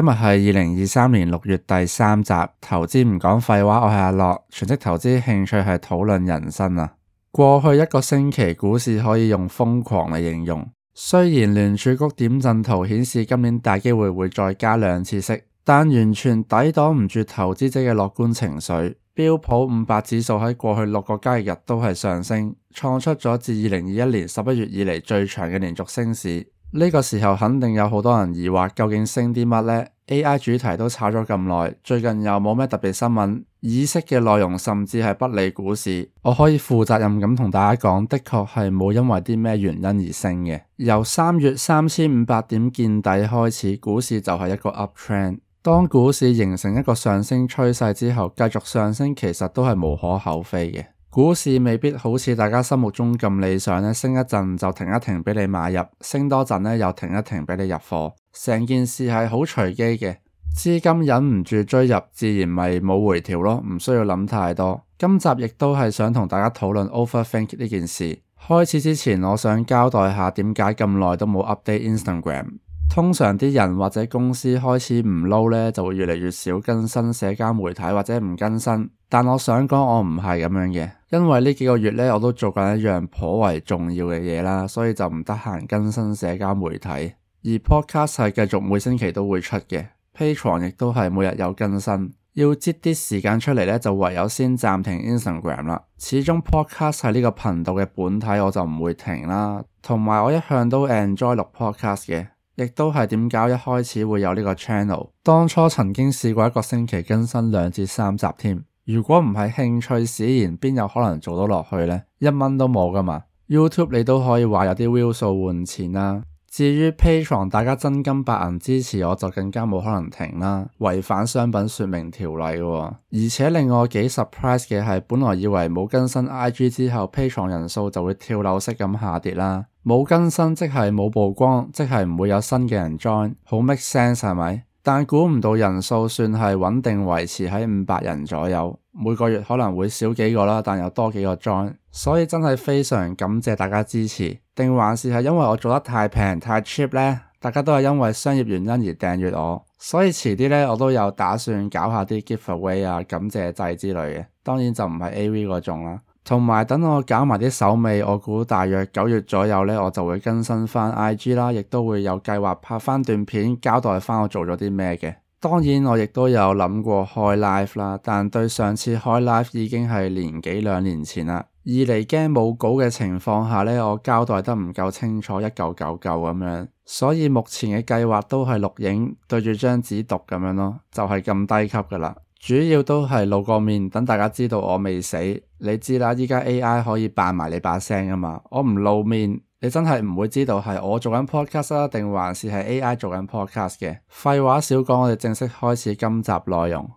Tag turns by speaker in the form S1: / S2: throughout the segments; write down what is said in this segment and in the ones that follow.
S1: 今日係二零二三年六月第三集，投資唔講廢話，我係阿樂，全職投資，興趣係討論人生啊。過去一個星期，股市可以用瘋狂嚟形容。雖然聯儲局點陣圖顯示今年大機會會再加兩次息，但完全抵擋唔住投資者嘅樂觀情緒。標普五百指數喺過去六個交易日都係上升，創出咗自二零二一年十一月以嚟最長嘅連續升市。呢個時候肯定有好多人疑惑，究竟升啲乜呢？AI 主題都炒咗咁耐，最近又冇咩特別新聞，以色列嘅內容甚至係不利股市。我可以負責任咁同大家講，的確係冇因為啲咩原因而升嘅。由三月三千五百點見底開始，股市就係一個 uptrend。當股市形成一個上升趨勢之後，繼續上升其實都係無可厚非嘅。股市未必好似大家心目中咁理想呢，升一陣就停一停畀你買入，升多陣呢又停一停畀你入貨，成件事係好隨機嘅。資金忍唔住追入，自然咪冇回調咯，唔需要諗太多。今集亦都係想同大家討論 Overthink 呢件事。開始之前，我想交代下點解咁耐都冇 update Instagram。通常啲人或者公司開始唔撈呢，就會越嚟越少更新社交媒體或者唔更新。但我想講，我唔係咁樣嘅，因為呢幾個月咧，我都做緊一樣頗，頗為重要嘅嘢啦，所以就唔得閒更新社交媒體。而 Podcast 係繼續每星期都會出嘅，Pay 床亦都係每日有更新。要擠啲時間出嚟咧，就唯有先暫停 Instagram 啦。始終 Podcast 係呢個頻道嘅本體，我就唔會停啦。同埋我一向都 enjoy 錄 Podcast 嘅，亦都係點解一開始會有呢個 channel。當初曾經試過一個星期更新兩至三集添。如果唔係興趣使然，邊有可能做到落去呢？一蚊都冇噶嘛。YouTube 你都可以話有啲 view 數換錢啦。至於 Patreon，大家真金白銀支持我就更加冇可能停啦。違反商品說明條例嘅、啊,而且令我幾 surprise 嘅係，本來以為冇更新 IG 之後，Patreon 人數就會跳樓式咁下跌啦。冇更新即係冇曝光，即係唔會有新嘅人 join，好 make sense 係咪？但估唔到人數算係穩定維持喺五百人左右。每個月可能會少幾個啦，但又多幾個 join，所以真係非常感謝大家支持。定還是係因為我做得太平太 cheap 咧，大家都係因為商業原因而訂閲我。所以遲啲咧，我都有打算搞下啲 give away 啊、感謝祭之類嘅。當然就唔係 AV 嗰種啦。同埋等我搞埋啲手尾，我估大約九月左右咧，我就會更新翻 IG 啦，亦都會有計劃拍翻段片交代翻我做咗啲咩嘅。當然我亦都有諗過開 live 啦，但對上次開 live 已經係年幾兩年前啦。二嚟驚冇稿嘅情況下咧，我交代得唔夠清楚，一舊舊舊咁樣。所以目前嘅計劃都係錄影，對住張紙讀咁樣咯，就係、是、咁低級噶啦。主要都係露個面，等大家知道我未死。你知啦，依家 A I 可以扮埋你把聲啊嘛，我唔露面。你真係唔會知道係我做緊 podcast 啊，定還是係 AI 做緊 podcast 嘅？廢話少講，我哋正式開始今集內容。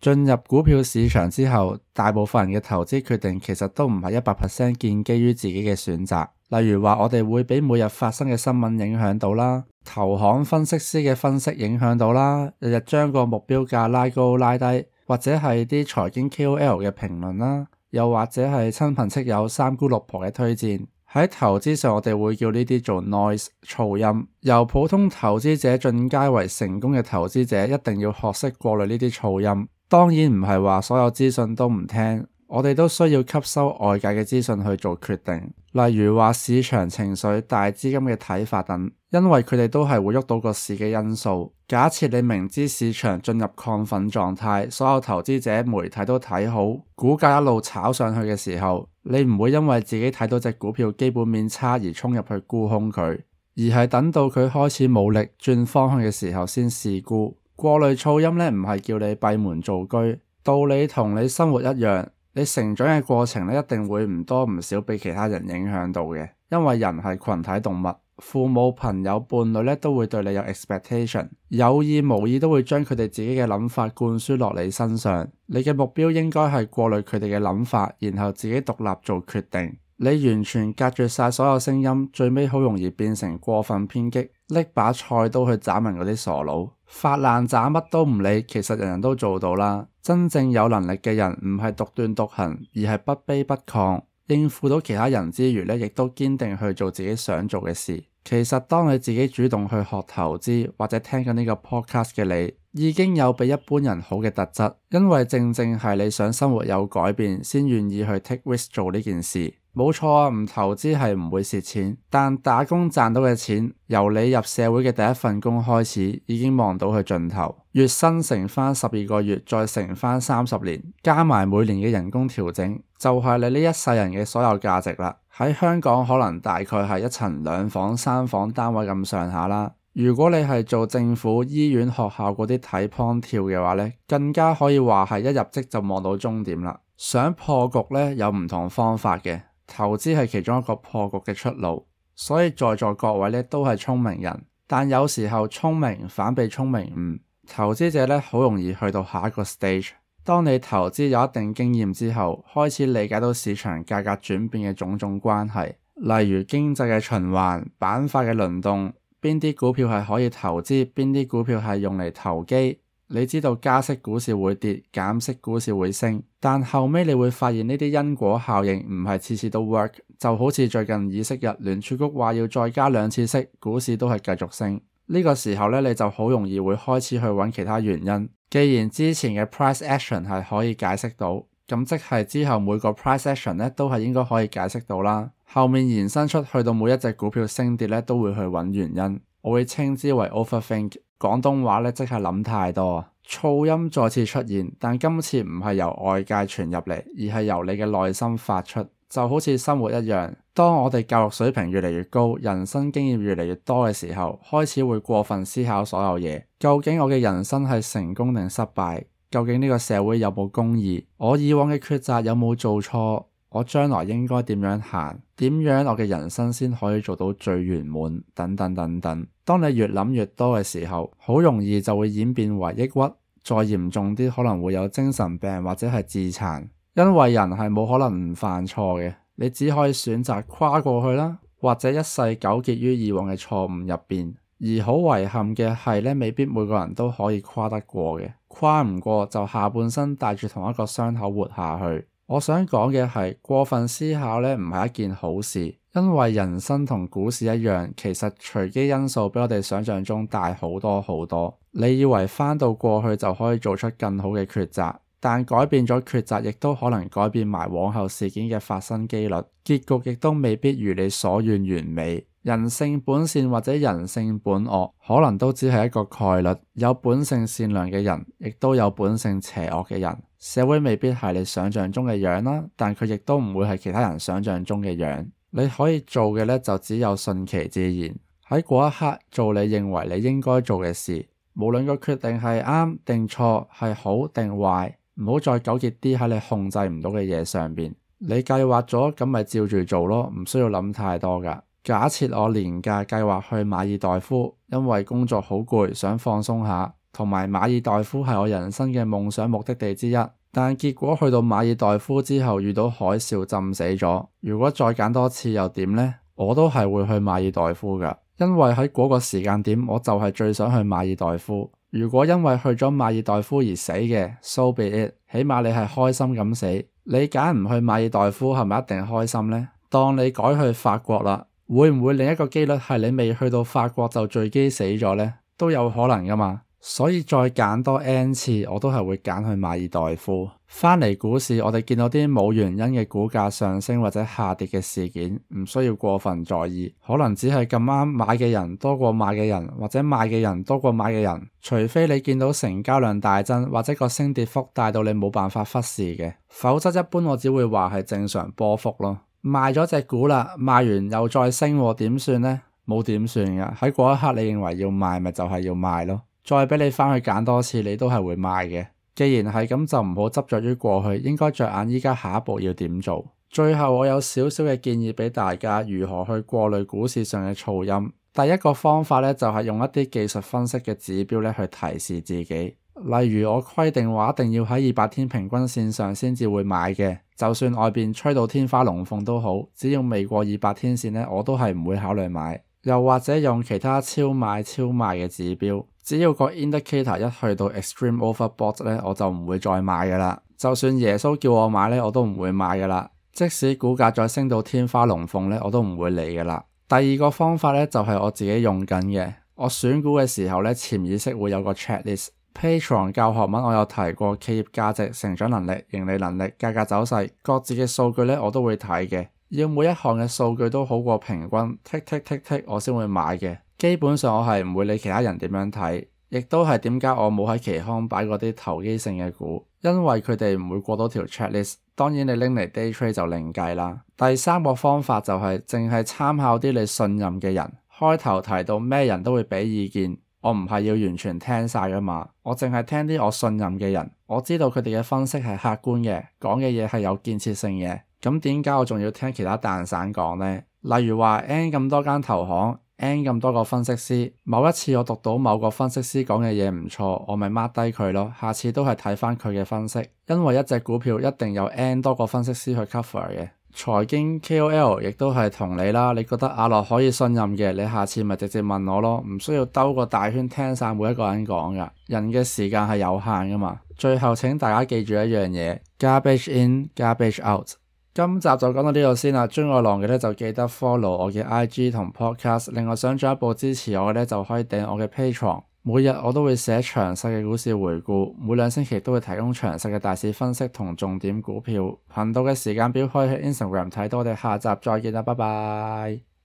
S1: 進入股票市場之後，大部分人嘅投資決定其實都唔係一百 percent 建基於自己嘅選擇。例如話，我哋會俾每日發生嘅新聞影響到啦。投行分析師嘅分析影響到啦，日日將個目標價拉高拉低，或者係啲財經 KOL 嘅評論啦，又或者係親朋戚友三姑六婆嘅推薦。喺投資上，我哋會叫呢啲做 noise 噪音。由普通投資者進階為成功嘅投資者，一定要學識過濾呢啲噪音。當然唔係話所有資訊都唔聽。我哋都需要吸收外界嘅資訊去做決定，例如話市場情緒、大資金嘅睇法等，因為佢哋都係會喐到個市嘅因素。假設你明知市場進入亢奮狀態，所有投資者、媒體都睇好，股價一路炒上去嘅時候，你唔會因為自己睇到隻股票基本面差而沖入去沽空佢，而係等到佢開始冇力轉方向嘅時候先試沽。過濾噪音呢，唔係叫你閉門造車，道理同你生活一樣。你成長嘅過程咧，一定會唔多唔少被其他人影響到嘅，因為人係群體動物，父母、朋友、伴侶咧都會對你有 expectation，有意無意都會將佢哋自己嘅諗法灌輸落你身上。你嘅目標應該係過濾佢哋嘅諗法，然後自己獨立做決定。你完全隔絕晒所有聲音，最尾好容易變成過分偏激，拎把菜刀去斬人嗰啲傻佬，發爛渣乜都唔理。其實人人都做到啦。真正有能力嘅人唔係獨斷獨行，而係不卑不亢，應付到其他人之餘咧，亦都堅定去做自己想做嘅事。其實當你自己主動去學投資或者聽緊呢個 podcast 嘅你，已經有比一般人好嘅特質，因為正正係你想生活有改變，先願意去 take risk 做呢件事。冇錯啊，唔投資係唔會蝕錢，但打工賺到嘅錢，由你入社會嘅第一份工開始，已經望到去盡頭。月薪乘翻十二個月，再乘翻三十年，加埋每年嘅人工調整。就係你呢一世人嘅所有價值啦，喺香港可能大概係一層兩房三房單位咁上下啦。如果你係做政府、醫院、學校嗰啲睇 point 跳嘅話咧，更加可以話係一入職就望到終點啦。想破局咧，有唔同方法嘅，投資係其中一個破局嘅出路。所以在座各位咧都係聰明人，但有時候聰明反被聰明誤，投資者咧好容易去到下一個 stage。當你投資有一定經驗之後，開始理解到市場價格轉變嘅種種關係，例如經濟嘅循環、板塊嘅輪動，邊啲股票係可以投資，邊啲股票係用嚟投機。你知道加息股市會跌，減息股市會升，但後尾你會發現呢啲因果效應唔係次次都 work。就好似最近議息日，聯儲局話要再加兩次息，股市都係繼續升。呢、這個時候呢，你就好容易會開始去揾其他原因。既然之前嘅 price action 係可以解釋到，咁即係之後每個 price action 呢都係應該可以解釋到啦。後面延伸出去到每一隻股票升跌呢都會去揾原因，我會稱之為 overthink。廣東話呢，即係諗太多。噪音再次出現，但今次唔係由外界傳入嚟，而係由你嘅內心發出。就好似生活一樣，當我哋教育水平越嚟越高，人生經驗越嚟越多嘅時候，開始會過分思考所有嘢。究竟我嘅人生係成功定失敗？究竟呢個社會有冇公義？我以往嘅抉擇有冇做錯？我將來應該點樣行？點樣我嘅人生先可以做到最圓滿？等等等等。當你越諗越多嘅時候，好容易就會演變為抑鬱，再嚴重啲可能會有精神病或者係自殘。因為人係冇可能唔犯錯嘅，你只可以選擇跨過去啦，或者一世糾結於以往嘅錯誤入邊。而好遺憾嘅係咧，未必每個人都可以跨得過嘅，跨唔過就下半生帶住同一個傷口活下去。我想講嘅係過分思考咧，唔係一件好事，因為人生同股市一樣，其實隨機因素比我哋想象中大好多好多。你以為返到過去就可以做出更好嘅抉擇？但改變咗抉擇，亦都可能改變埋往後事件嘅發生機率。結局亦都未必如你所願完美。人性本善或者人性本惡，可能都只係一個概率。有本性善良嘅人，亦都有本性邪惡嘅人。社會未必係你想象中嘅樣啦，但佢亦都唔會係其他人想象中嘅樣。你可以做嘅呢，就只有順其自然。喺嗰一刻，做你認為你應該做嘅事，無論個決定係啱定錯，係好定壞。唔好再糾結啲喺你控制唔到嘅嘢上邊，你計劃咗咁咪照住做咯，唔需要諗太多噶。假設我年假計劃去馬爾代夫，因為工作好攰，想放鬆下，同埋馬爾代夫係我人生嘅夢想目的地之一。但結果去到馬爾代夫之後，遇到海嘯浸死咗。如果再揀多次又點呢？我都係會去馬爾代夫噶，因為喺嗰個時間點我就係最想去馬爾代夫。如果因為去咗馬爾代夫而死嘅蘇比，so be it, 起碼你係開心咁死。你揀唔去馬爾代夫係咪一定開心呢？當你改去法國啦，會唔會另一個機率係你未去到法國就墜機死咗呢？都有可能噶嘛。所以再揀多 n 次，我都係會揀去馬爾代夫。翻嚟股市，我哋見到啲冇原因嘅股價上升或者下跌嘅事件，唔需要過分在意。可能只係咁啱買嘅人多過賣嘅人，或者賣嘅人多過買嘅人。除非你見到成交量大增或者個升跌幅大到你冇辦法忽視嘅，否則一般我只會話係正常波幅咯。賣咗隻股啦，賣完又再升，點算呢？冇點算㗎，喺嗰一刻你認為要賣咪就係要賣咯。再畀你返去揀多次，你都係會賣嘅。既然係咁，就唔好執着於過去，應該着眼而家下一步要點做。最後，我有少少嘅建議畀大家，如何去過濾股市上嘅噪音。第一個方法咧，就係用一啲技術分析嘅指標咧去提示自己。例如我規定話，一定要喺二百天平均線上先至會買嘅，就算外邊吹到天花龍鳳都好，只要未過二百天線咧，我都係唔會考慮買。又或者用其他超買超賣嘅指標。只要個 indicator 一去到 extreme overbought 我就唔會再買嘅啦。就算耶穌叫我買呢，我都唔會買嘅啦。即使股價再升到天花龍鳳呢，我都唔會理嘅啦。第二個方法呢，就係我自己用緊嘅。我選股嘅時候呢，潛意識會有個 checklist。Patreon 教學文我有提過，企業價值、成長能力、盈利能力、價格走勢，各自嘅數據呢，我都會睇嘅。要每一項嘅數據都好過平均，tick tick tick tick，我先會買嘅。基本上我係唔會理會其他人點樣睇，亦都係點解我冇喺期刊擺過啲投機性嘅股，因為佢哋唔會過到條 check list。當然你拎嚟 day trade 就另計啦。第三個方法就係淨係參考啲你信任嘅人。開頭提到咩人都會俾意見，我唔係要完全聽晒噶嘛，我淨係聽啲我信任嘅人。我知道佢哋嘅分析係客觀嘅，講嘅嘢係有建設性嘅。咁點解我仲要聽其他蛋散講呢？例如話 N 咁多間投行。N 咁多個分析師，某一次我讀到某個分析師講嘅嘢唔錯，我咪 mark 低佢咯。下次都係睇翻佢嘅分析，因為一隻股票一定有 N 多個分析師去 cover 嘅。財經 KOL 亦都係同你啦，你覺得阿樂可以信任嘅，你下次咪直接問我咯，唔需要兜個大圈聽晒每一個人講噶。人嘅時間係有限噶嘛。最後請大家記住一樣嘢：garbage in, garbage out。今集就講到呢度先啦。追我浪嘅咧就記得 follow 我嘅 IG 同 podcast。另外想進一步支持我嘅咧，就可以訂我嘅 Patreon。每日我都會寫詳細嘅股市回顧，每兩星期都會提供詳細嘅大市分析同重點股票。頻道嘅時間表可以喺 Instagram 睇到。我哋下集再見啦，拜拜。